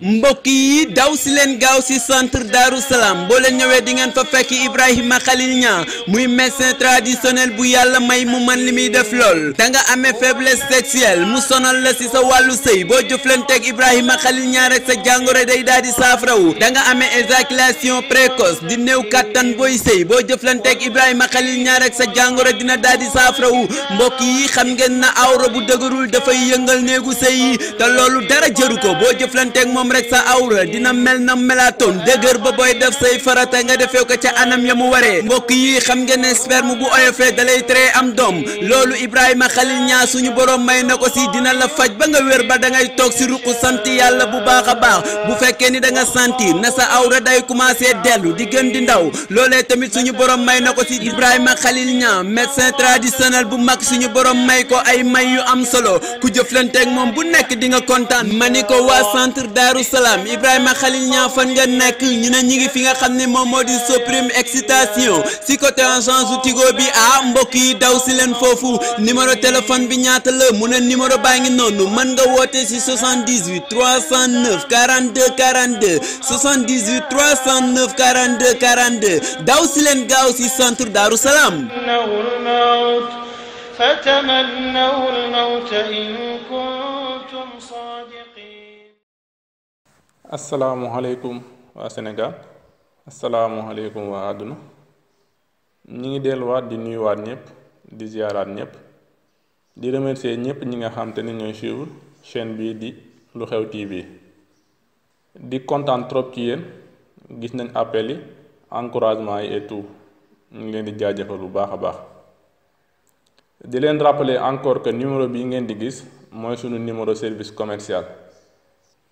mbokk yi daw si leen gaaw si centre Darou Salam boo leen ñëwee di ngeen fa fekk Ibrahima Khalil Niang muy messin traditionnel bu yàlla may mu man li muy def lool da nga amee faiblesse sexuelle mu sonal la si sa wàllu sëy boo jëflanteeg Ibrahima Khalil Niang rek sa jàngoro day daal di saafarawu da nga amee éjaculation précoce di néew kattan booy sëy boo jëflanteeg Ibrahima Khalil Niang rek sa jàngoro dina daal di saafarawu mbokk yi xam ngeen na awra bu dëgërul dafay yëngal néegu sëy yi te boo jëflanteeg moom rek sa awra dina mel na melatoon dëgër ba booy def say farata nga defee ko ca anam ya mu waree mbokk yi xam ngeen ne sperme bu oyofee dalay tere am doom loolu Ibrahima Khalil Niass suñu boroom may na ko si dina la faj ba nga wér ba da ngay toog si ruqu sant yàlla bu baax a baax bu fekkee ni da nga sentir na sa awra day commencé dellu di gën di ndaw loolee tamit suñu borom may na ko si Ibrahima Khalil Niass médecin traditionnel bu mag suñu borom may ko ay may yu am solo Daaru Salaam Ibrahima Khalil ñaa fan nga nekk ñu ne ñu ngi fi nga xam ne moom moo di Suprême Excitation si côté agence su Tigo bi ah mbokk yi daw si leen foofu numéro téléphone bi ñaata la mu ne numéro baa ngi noonu mën nga woote si 78 309 42 42 78 309 42 42 daw si leen gaaw si centre Daaru Salaam. asalaamualeykum waa Sénégal asalaamualeykum waa àdduna ñi ngi delluwaat di nuyuwaat ñëpp di ziyaaraat ñëpp di remercier ñëpp ñi nga xam te ne ñooy suivre chaîne bii di lu xew TV di kontaan trop ki yéen gis nañ appel yi encouragement yi et tout ñu ngi leen di jaajëfal bu baax a baax di leen rappeler encore que numéro bii ngeen di gis mooy sunu numéro service commercial.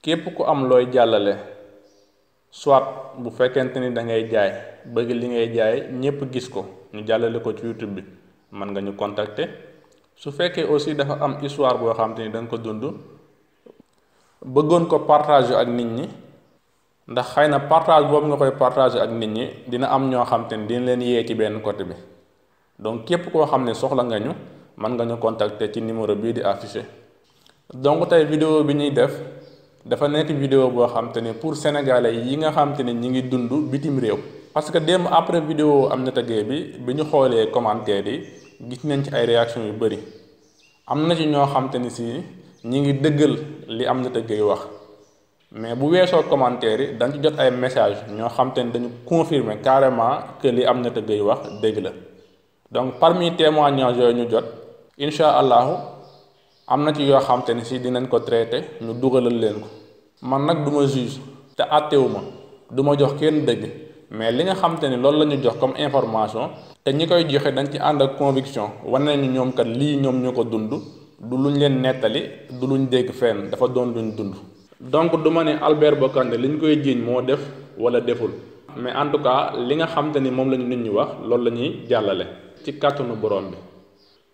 képp ku am looy jàllale soit bu fekkente ni da ngay jaay bëgg li ngay jaay ñépp gis ko ñu jàllale ko ci YouTube bi mën nga ñu contacter su fekkee aussi dafa am histoire boo xam te ni da nga ko dund bëggoon ko partager ak nit ñi ndax xëy na partage boobu nga koy partager ak nit ñi dina am ñoo xam te ni dina leen yee ci benn côté bi donc képp koo xam ne soxla nga ñu mën nga ñu contacter ci numéro bii di affiché donc tey vidéo bi ñuy def. dafa nekk vidéo boo xam ne pour sénégalais yi nga xam ne ñi ngi dund bitim réew parce que démb après vidéo am na tagee bi bi ñu xoolee commentaire yi gis nañ ci ay réaction yu bëri am na ci ñoo xam te ni si ñi ngi dëggal li am na tagee wax mais bu weesoo commentaire yi dañ ci jot ay message ñoo xam te dañu confirmer carrément que li am na tagee wax dëgg la donc parmi témoignage yooyu ñu jot incha allahu am na ci yoo xam te ne si dinañ ko traité ñu dugalal leen ko man nag du ma juge te àttewu ma du ma jox kenn dëgg mais li nga xam te ne loolu la ñu jox comme information te ñi koy joxe dañ ci ànd ak conviction wane nañu ñoom kat lii ñoom ñu ko dund du luñ leen nettali du luñ dégg fenn dafa doon luñ dund. donc du ma ne Albert Bokandé liñ koy jiiñ moo def wala deful mais en tout cas li nga xam ni moom la ñu nit ñi wax loolu la ñuy jàllale ci kàttanu borom bi.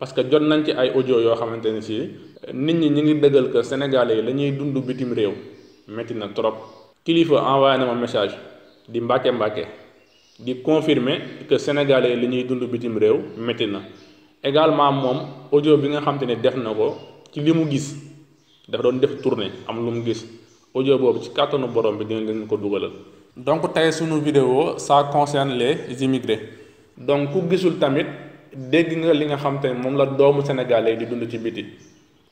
parce que jot nañ ci ay audio yoo xamante ne si nit ñi ñu ngi dëggal que sénégalais yi la dund bitim réew métti na trop kilifa envoyé na ma message di mbàkke mbàkke di confirmer que sénégalais yi li ñuy dund bitim réew métti na également moom audio bi nga xamante ne def na ko ci li mu gis dafa doon def tournée am lu mu gis audio boobu ci kàttanu borom bi dina leen ko dugalal. donc tey sunu vidéo ça concerne les immigrés. donc ku gisul tamit. dégg nga li nga xam te ne moom la doomu sénégalais di dund ci biti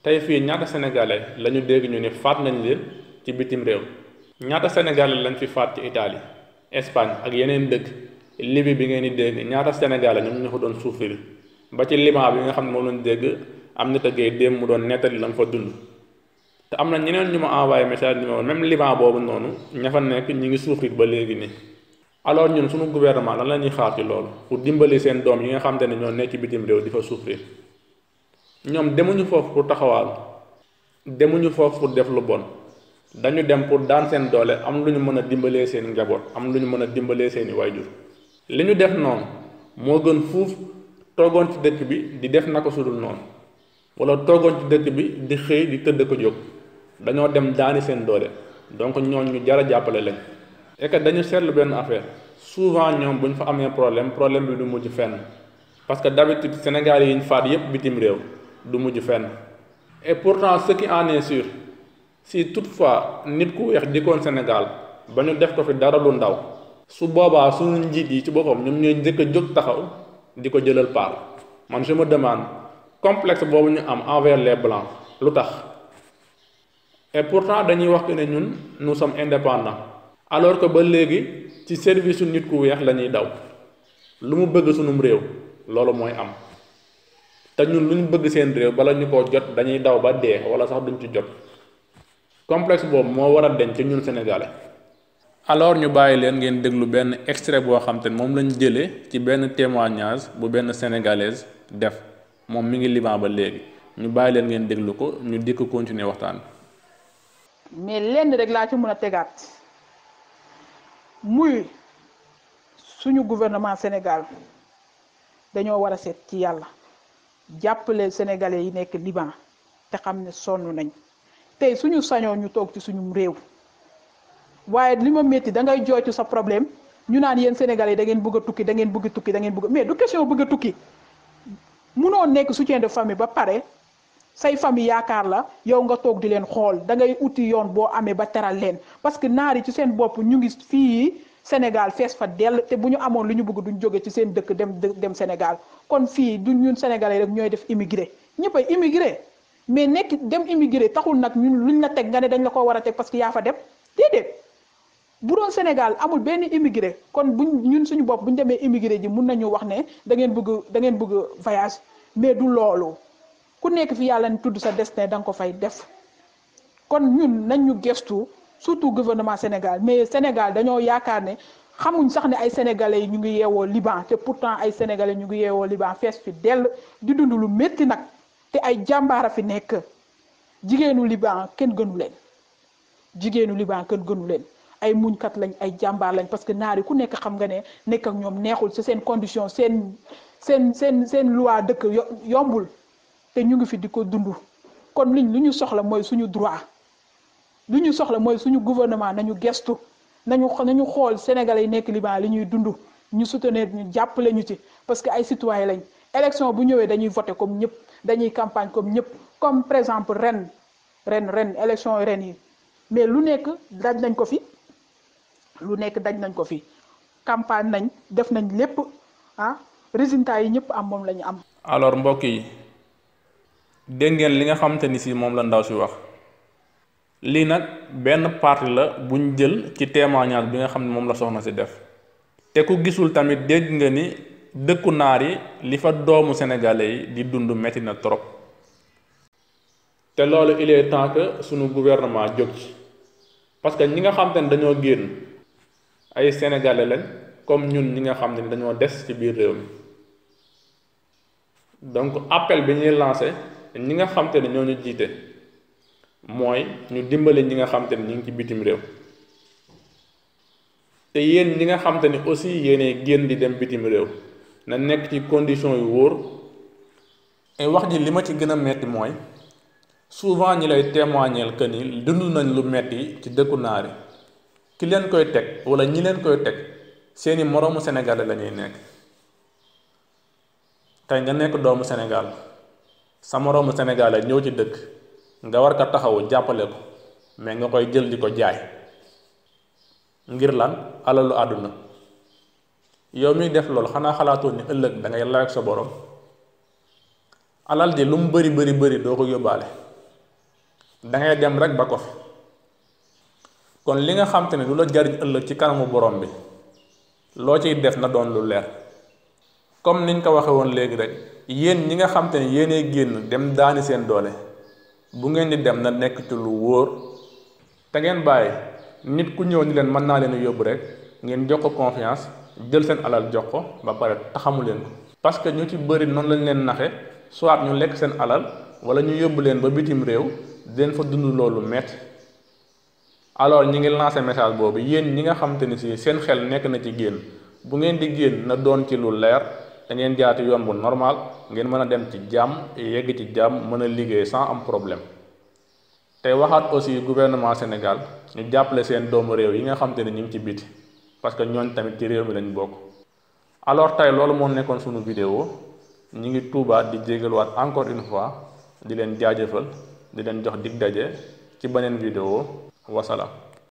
tey fii ñaata sénégalais lañu dégg ñu ne faat nañ leen ci bitim réew ñaata sénégalais lañ fi faat ci Italie Espagne ak yeneen dëkk Libye bi ngeen di dégg ñaata sénégalais ñoom ñoo ko doon souffrir ba ci Liban bi nga xam ne moom lañ dégg am na tëggee démb mu doon nettali la mu fa dund. te am na ñeneen ñu ma envoyé message ni ma même Liban boobu noonu ña fa nekk ñu ngi souffrir ba léegi nii. alors ñun suñu gouvernement lan la ñuy xaar ci loolu pour dimbali seen doom yi nga xam te ne ñoo nekk bitim réew di fa souffrir ñoom demuñu foofu pour taxawaal demuñu foofu def lu bon dañu dem pour daan seen doole am lu ñu mën a dimbalee seen njaboot am lu ñu mën a dimbalee seeni waajur li ñu def noonu moo gën fuuf toogoon ci dëkk bi di def na ko sudul noonu wala toogoon ci dëkk bi di xëy di tëdd ko jóg dañoo dem daani seen doole donc ñooñu jar jàppale lañ et dañu seetlu benn affaire souvent ñoom bu ñu fa amee problème problème bi du mujj fenn parce que d'habitude Sénégal yi ñu faat yépp bitim réew du mujj fenn et pourtant ce qui en est sûr si fois nit ku weex dikkoon Sénégal ba ñu def ko fi dara lu ndaw su boobaa suñu njiit yi ci boppam ñoom ñooy njëkk a jóg taxaw di ko jëlal paar man je me demande complexe boobu ñu am envers les blancs lu tax et pourtant dañuy wax que ne ñun nous sommes indépendants alors que ba léegi ci service su nit ku weex la ñuy daw lu mu bëgg sunum réew loolu mooy am te ñun lu ñu bëgg seen réew bala ñu koo jot dañuy daw ba dee wala sax duñ ci jot complexe boobu moo war a deñ ci ñun sénégalais. alors ñu bàyyi leen ngeen déglu benn extrait boo xam ne moom lañu jëlee ci benn témoignage bu benn sénégalaise def moom mu ngi Liban ba léegi ñu bàyyi leen ngeen déglu ko ñu dikk continuer waxtaan. mais lenn rek laa ci mën a tegaat. muy suñu gouvernement Sénégal dañoo war a seet ci yàlla jàppale sénégalais yi nekk Liban te xam ne sonn nañ tey suñu sañoo ñu toog ci suñu réew waaye li ma metti da ngay jooytu sa problème ñu naan yéen sénégalais da ngeen bëgg a tukki da ngeen bëgg a tukki dangeen ngeen bëgg mais du question bëgg a tukki munoo nekk soutien de famille ba pare. say famille yaakaar la yow nga toog di leen xool da ngay uti yoon boo amee ba teral leen parce que naar yi ci seen bopp ñu ngi fii Sénégal fees fa dell te bu ñu amoon lu ñu bëgg duñ jóge ci seen dëkk dem dem Sénégal kon fii du ñun sénégalais rek ñooy def immigré ñëppay immigré mais nekk dem immigré taxul nag ñun luñ la teg nga ne dañ la ko war a teg parce que yaa fa dem déedéet bu doon Sénégal amul benn immigré kon buñ ñun suñu bopp bu ñu demee immigré ji mun nañu wax ne da ngeen bëgg da ngeen bëgg voyage mais du loolu. ku nekk fi yàlla ni tudd sa destin da nga ko fay def kon ñun nañ ñu gestu surtout gouvernement Sénégal mais Sénégal dañoo yaakaar ne xamuñ sax ne ay sénégalais yi ñu ngi yewoo Liban te pourtant ay sénégalais ñu ngi yeewoo Liban fees fi dell di dund lu métti nag te ay jàmbaar a fi nekk jigéenu Liban kenn gënu leen jigéenu Liban kenn gënu leen ay muñkat lañ ay jàmbaar lañ parce que naar yi ku nekk xam nga ne nekk ak ñoom neexul ci seen condition seen seen seen seen loi dëkk yombul te ñu ngi fi di ko dund kon liñ lu ñu soxla mooy suñu droit lu ñu soxla mooy suñu gouvernement nañu gestu nañu nañu xool sénégal yi nekk Liban li ñuy dund ñu soutenir ñu jàppale ñu ci parce que ay citoyen lañ élection bu ñëwee dañuy voté comme ñëpp dañuy campagne comme ñëpp comme par exemple ren ren ren yi ren yi mais lu nekk daj nañ ko fi lu nekk daj nañ ko fi campagne nañ def nañ lépp ah résultat yi ñëpp am moom la ñu am. alors mbokk yi. dégg li nga xamante ni si moom la ndaw si wax lii nag benn partie la buñ jël ci témoignage bi nga xam ne moom la soxna si def te ku gisul tamit dégg nga ni dëkku naar yi li fa doomu sénégalais yi di dund metti na trop te loolu il est sunu gouvernement jóg ci parce que ñi nga xamte ni dañoo génn ay sénégalais lañ comme ñun ñi nga xam ne dañoo des ci biir réew mi donc appel bi ñuy lancé ñi nga xam te ne ñoo ñu jiite mooy ñu dimbale ñi nga xam te ne ñu ci bitim réew te yéen ñi nga xam ni aussi yéenee génn di dem bitim réew na nekk ci condition yu wóor et wax ji li ma ci gën a metti mooy souvent ñi lay témoigneel que ni dund nañ lu metti ci dëkku naari ki leen koy teg wala ñi leen koy teg seeni moroomu Sénégalais lañuy nekk tey nga nekk doomu senegal sa moroomu sénégalais ñëw ci dëkk nga war ko taxawu jàppale ko mais nga koy jël di ko jaay ngir lan alalu àdduna yow miy def loolu xanaa xalaatoon ni ëllëg da ngay sa borom alal ji lu mu bari bëri bëri doo ko yóbbaale dangay ngay dem rek ba ko fi kon li nga xam te ne du la jariñ ëllëg ci kanamu borom bi loo ciy def na doon lu leer. comme niñ ko waxe woon léegi rek yéen ñi nga xam te ne yéenee génn dem daani seen doole bu ngeen di dem na nekk ci lu wóor te ngeen bàyyi nit ku ñëw ni leen mën naa leen yóbbu rek ngeen jox ko confiance jël seen alal jox ko ba pare taxamu leen ko parce que ñu ci bari noonu lañ leen naxe soit ñu lekk seen alal wala ñu yóbbu leen ba bitim réew dinañ fa dund loolu metti alors ñu ngi lancé message boobu yéen ñi nga xam ni si seen xel nekk na ci génn bu ngeen di génn na doon ci lu leer da ngeen jaar ci yoon bu normal ngeen mën a dem ci jàmm yegg ci jàmm mën a liggéey sans am problème te waxaat aussi gouvernement Sénégal ñu jàppale seen doomu réew yi nga xam te ne ñu ngi ci biti parce que ñooñ tamit ci réew mi lañ bokk. alors tey loolu moo nekkoon sunu vidéo ñu ngi tuubaat di jégaluwaat encore une fois di leen jaajëfal di leen jox dig daje ci beneen vidéo wasala